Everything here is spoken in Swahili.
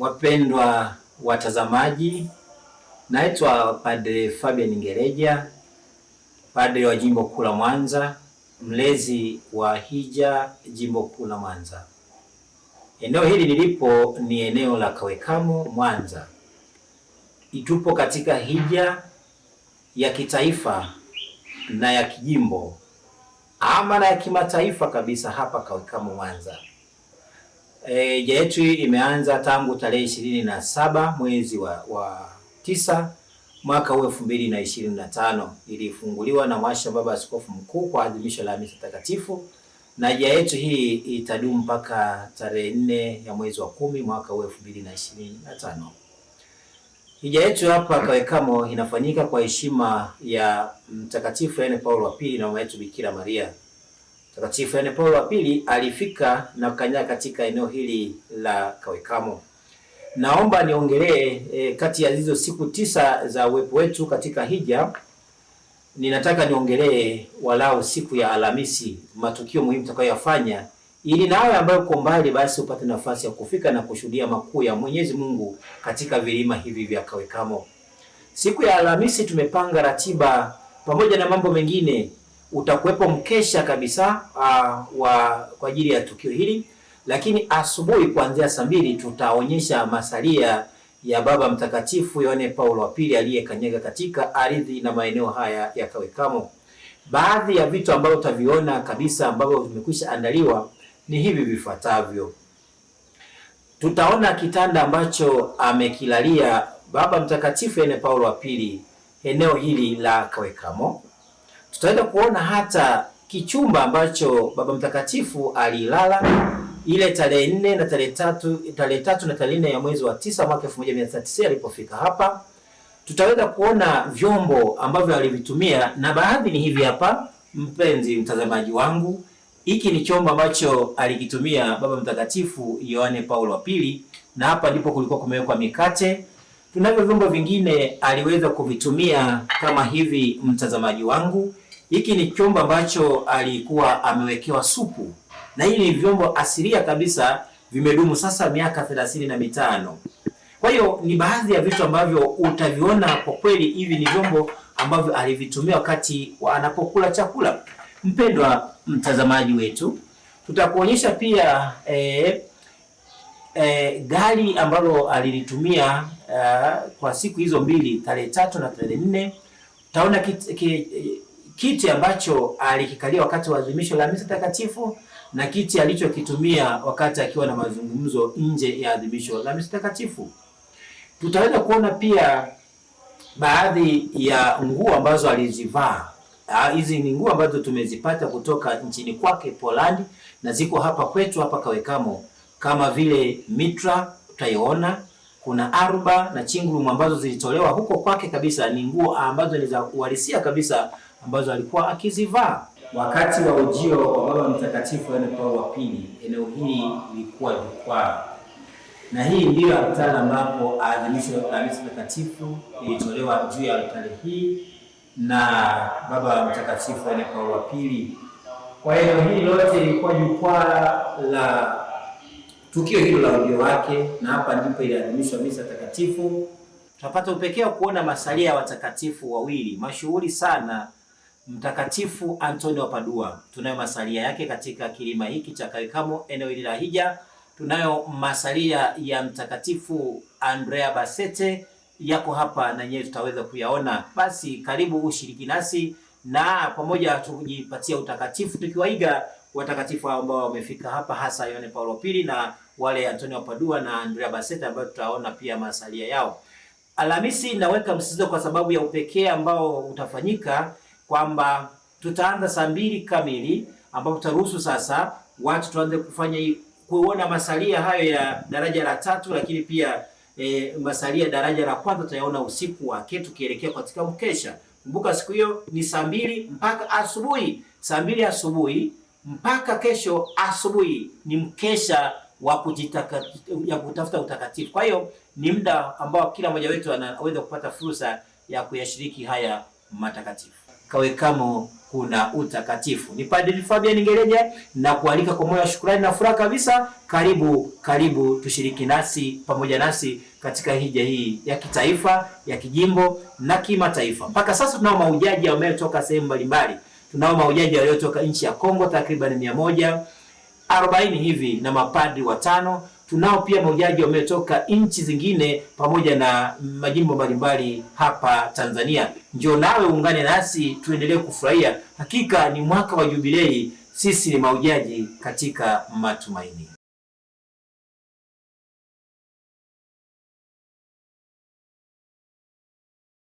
Wapendwa watazamaji, naitwa Padre Fabian Ngereja, padre wa jimbo kuu la Mwanza, mlezi wa hija jimbo kuu la Mwanza. Eneo hili nilipo ni eneo la Kawekamo, Mwanza. Itupo katika hija ya kitaifa na ya kijimbo ama na ya kimataifa kabisa hapa Kawekamo, Mwanza e, yetu imeanza tangu tarehe ishirini na saba mwezi wa, wa tisa mwaka huu elfu mbili na ishirini na tano ilifunguliwa na mwasha Baba Askofu Mkuu kwa adhimisho la misa takatifu, na hija yetu hii itadumu mpaka tarehe nne ya mwezi wa kumi mwaka huu elfu mbili na ishirini na tano. Hija yetu hapa Kawekamo inafanyika kwa heshima ya Mtakatifu Yohane Paulo wa Pili na mama yetu Bikira Maria. Mtakatifu Yohane Paulo wa pili alifika na kukanyaga katika eneo hili la Kawekamo. Naomba niongelee e, kati ya hizo siku tisa za uwepo wetu katika hija, ninataka niongelee walau siku ya Alhamisi matukio muhimu tutakayoyafanya, ili nawe ambayo uko mbali basi upate nafasi ya kufika na kushuhudia makuu ya Mwenyezi Mungu katika vilima hivi vya Kawekamo. Siku ya Alhamisi tumepanga ratiba pamoja na mambo mengine utakuwepo mkesha kabisa uh, wa kwa ajili ya tukio hili, lakini asubuhi kuanzia saa mbili tutaonyesha masalia ya Baba Mtakatifu Yohane Paulo wa Pili aliyekanyaga katika ardhi na maeneo haya ya Kawekamo. Baadhi ya vitu ambavyo utaviona kabisa ambavyo vimekwisha andaliwa ni hivi vifuatavyo. Tutaona kitanda ambacho amekilalia Baba Mtakatifu Yohane Paulo wa Pili eneo hili la Kawekamo tutaenda kuona hata kichumba ambacho Baba Mtakatifu alilala ile tarehe nne na tarehe tatu tarehe tatu na tarehe nne ya mwezi wa tisa mwaka 1999 alipofika hapa. Tutaweza kuona vyombo ambavyo alivitumia na baadhi ni hivi hapa, mpenzi mtazamaji wangu. Hiki ni chombo ambacho alikitumia Baba Mtakatifu Yohane Paulo wa Pili, na hapa ndipo kulikuwa kumewekwa mikate. Tunavyo vyombo vingine aliweza kuvitumia kama hivi, mtazamaji wangu hiki ni chombo ambacho alikuwa amewekewa supu, na hii ni vyombo asilia kabisa, vimedumu sasa miaka thelathini na mitano. Kwa hiyo ni baadhi ya vitu ambavyo utaviona kwa kweli, hivi ni vyombo ambavyo alivitumia wakati wa anapokula chakula. Mpendwa mtazamaji wetu, tutakuonyesha pia e, e, gari ambalo alilitumia e, kwa siku hizo mbili, tarehe tatu na tarehe nne. Utaona kiti ambacho alikikalia wakati wa adhimisho la misa takatifu na kiti alichokitumia wakati akiwa na mazungumzo nje ya adhimisho la misa takatifu. Tutaweza kuona pia baadhi ya nguo ambazo alizivaa. Ah, hizi ni nguo ambazo tumezipata kutoka nchini kwake Poland na ziko hapa kwetu hapa Kawekamo, kama vile mitra utaiona, kuna arba na chingulumu ambazo zilitolewa huko kwake kabisa. Ni nguo ambazo ni za uhalisia kabisa ambazo alikuwa akizivaa wakati wa ujio wa Baba Mtakatifu Yohane Paulo wa Pili. Eneo hili lilikuwa jukwaa, na hii ndiyo altari ambapo adhimisho la Alhamisi Takatifu ilitolewa juu ya altari hii na Baba Mtakatifu Yohane Paulo wa Pili. Kwa eneo hili lote ilikuwa jukwaa la tukio hilo la ujio wake, na hapa ndipo iliadhimishwa misa takatifu. Tunapata upekee wa kuona masalia ya watakatifu wawili mashuhuri sana Mtakatifu Antonio wa Padua. Tunayo masalia yake katika kilima hiki cha Kawekamo, eneo hili la hija. Tunayo masalia ya Mtakatifu Andrea Basete yako hapa na nyewe tutaweza kuyaona. Basi karibu ushiriki nasi na pamoja tujipatia utakatifu tukiwaiga watakatifu ambao wamefika hapa, hasa Yohane Paulo pili na wale Antonio wa Padua na Andrea Basete ambao tutaona pia masalia yao. Alhamisi naweka msisitizo kwa sababu ya upekee ambao utafanyika kwamba tutaanza saa mbili kamili ambapo tutaruhusu sasa watu tuanze kufanya kuona masalia hayo ya daraja la tatu, lakini pia e, masalia daraja la kwanza tutayaona usiku wake tukielekea katika mkesha. Kumbuka siku hiyo ni saa mbili mpaka asubuhi, saa mbili asubuhi mpaka kesho asubuhi ni mkesha wa kujitaka ya kutafuta utakatifu. Kwa hiyo ni muda ambao kila mmoja wetu anaweza kupata fursa ya kuyashiriki haya matakatifu kawekamo kuna utakatifu. Ni Padre Fabian Ngereje na kualika kwa moyo wa shukrani na furaha kabisa. Karibu, karibu tushiriki nasi pamoja nasi katika hija hii ya kitaifa, ya kijimbo na kimataifa. Mpaka sasa tunao mahujaji wametoka sehemu mbalimbali. Tunao mahujaji waliotoka nchi ya Kongo takriban mia moja arobaini hivi na mapadri watano Tunao pia mahujaji wametoka nchi zingine pamoja na majimbo mbalimbali hapa Tanzania. Njoo nawe uungane nasi tuendelee kufurahia. Hakika ni mwaka wa jubilei, sisi ni mahujaji katika matumaini.